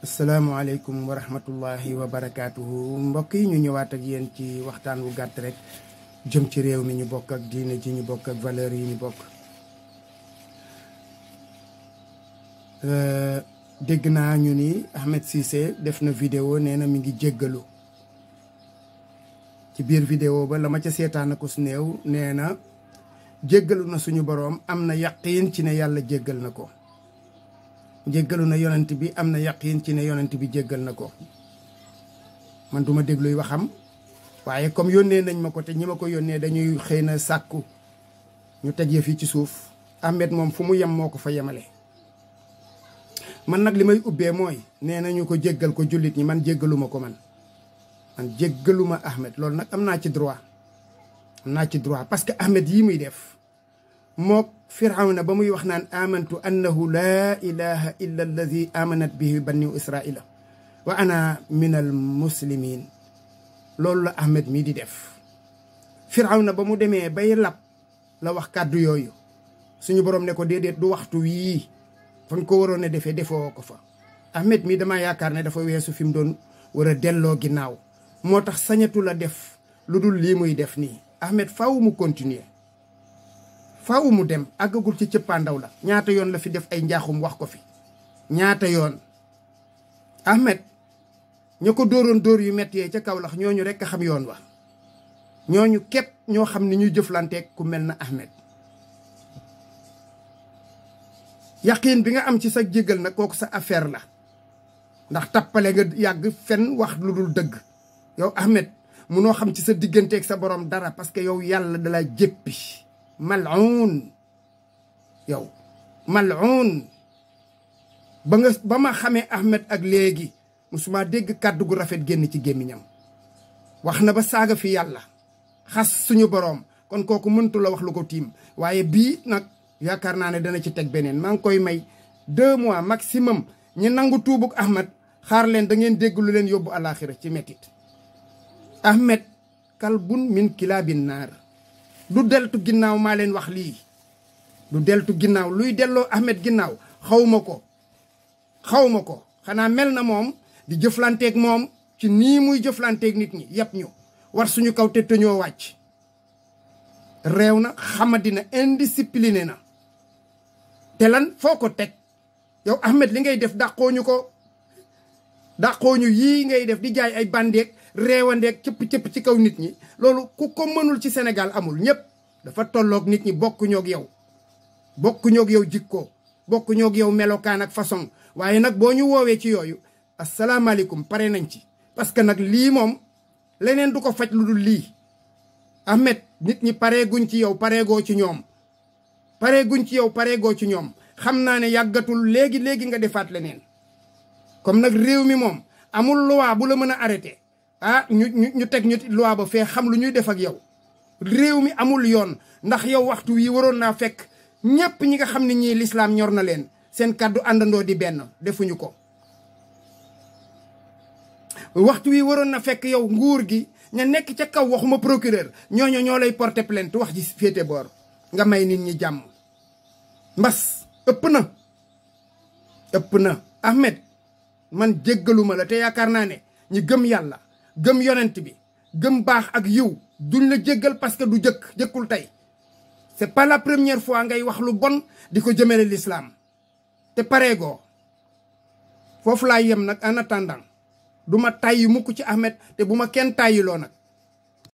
asalaamaaleykum wa rahmatullahi wa barakaatuhu mbokk yi ñu ñëwaat ak yéen ci waxtaan wu gàtt rek jëm ci réew mi ñu bokk ak diine ji ñu bokk ak valeur yi ñu bokk euh, dégg naa ñu ni Ahmed Cissé def na vidéo nee na mi ngi jéggalu ci biir vidéo ba la ma ca seetaan ko su néew nee na jéggalu na suñu boroom am na yaqiin ci ne yàlla jéggal na ko jéggalu na yonent bi am na yaqiin ci ne yonent bi jéggal na ko man du ma dégluy waxam waaye comme yónnee nañ ma ko te ñi ma ko yónnee dañuy xëy na sàkku ñu tegee fii ci suuf Ahmed moom fu mu yem moo ko fa yemale man nag li may ubbee mooy nee nañu ko jéggal ko jullit ñi man jéggaluma ko man man jéggaluma Ahmed loolu nag am naa ci droit am naa ci droit parce que yii muy def mook firawna ba muy wax naan amantu annahu laa ilaha illa alladi amanat bihi banu israila wa ana min al loolu la ahmed mii di def firawna ba mu demee bay lab la wax kàddu yooyu suñu borom ne ko déedéet du waxtu wii fa nga ko waroon a defee defoo ko fa ahmed mii dama yaakaar ne dafa weesu fi mu doon war a delloo ginnaaw moo tax sañatu a def lu dul lii muy def nii ahmed faw mu continuer faaw mu dem àggagul ci cëppaandaw la ñaata yoon la fi def ay njaaxum wax ko fi ñaata yoon Ahmed ña ko dóoroon dóor yu metti yee ca Kaolack ñooñu rek a xam yoon wa ñooñu képp ñoo xam ni ñuy jëflanteek ku mel na Ahmed yaqiin bi nga am ci sa jégal na kooku sa affaire la ndax tappale nga yàgg fenn wax lu dul dëgg yow Ahmed munoo xam ci sa digganteek sa borom dara parce que yow yàlla dala jéppi mal'un yow mal'un ba nga ba ma xamee Ahmed ak léegi mu musuma dégg kàddu gu rafet génn ci gémmiñam wax na ba saaga fi yàlla xas suñu boroom kon kooku mëntu la wax lu ko tiim waaye bii nag yaakaar naa ne dana ci teg beneen maa ngi koy may deux mois maximum ñi nangu tuubug Ahmed xaar leen da ngeen dégg lu leen yóbbu alaaxira ci mettit Ahmed kalbun min kilaabin naar du deltu ginnaaw maa leen wax lii du deltu ginnaaw luy delloo Ahmed ginnaaw xawma ko xawma ko xanaa mel na moom di jëflanteeg moom ci nii muy jëflanteek nit ñi yëpp ñu war suñu kaw te tëñoo wàcc réew na xamadina indiscipliné na te lan foo ko teg yow Ahmed li ngay def dàqooñu ko dàqoo ñu yii ngay def di jaay ay bandeeg reewandeeg cëpp-cëpp ci kaw nit ñi loolu ku ko mënul ci Sénégal amul ñëpp dafa tolloog nit ñi bokkuñook ñoog yow bokkuñook ñoog yow jikko bokk ñoog yow melokaan ak façon waaye nag boo ñu woowee ci yooyu asalaamaaleykum pare nañ ci parce que nag lii moom leneen du ko faj lu dul lii Ahmed nit ñi pareeguñ ci yow pareegoo ci ñoom pareeguñ ci yow pareegoo ci ñoom xam naa ne yàggatul léegi léegi nga defaat leneen comme nag réew mi moom amul loi bu la mën a arrêté ah ñu ñu ñu teg ñu loi ba fee xam lu ñuy def ak yow réew mi amul yoon ndax yow waxtu wii waroon naa fekk ñépp ñi nga xam ne ñii lislaam ñor na leen seen kàddu àndandoo di benn defuñu ko waxtu wi waroon na fekk yow nguur gi ña nekk ca kaw waxuma procureur ñooño ñoo lay porter plainte wax ji féete boor nga may nit ñi jàmm mbas ëpp na ëpp na Ahmed man jéggaluma la te yaakaar naa ne ñi gëm yàlla gëm yonent bi gëm baax ak yiw duñ la jéggal parce que du jëkk jëkkul tey c'est pas la première fois ngay wax lu bon di ko jëmale lislaam te pareegoo foofu la yem nag en attendant du ma tàyyi mukk ci Ahmed te bu ma kenn tàyyiloo nag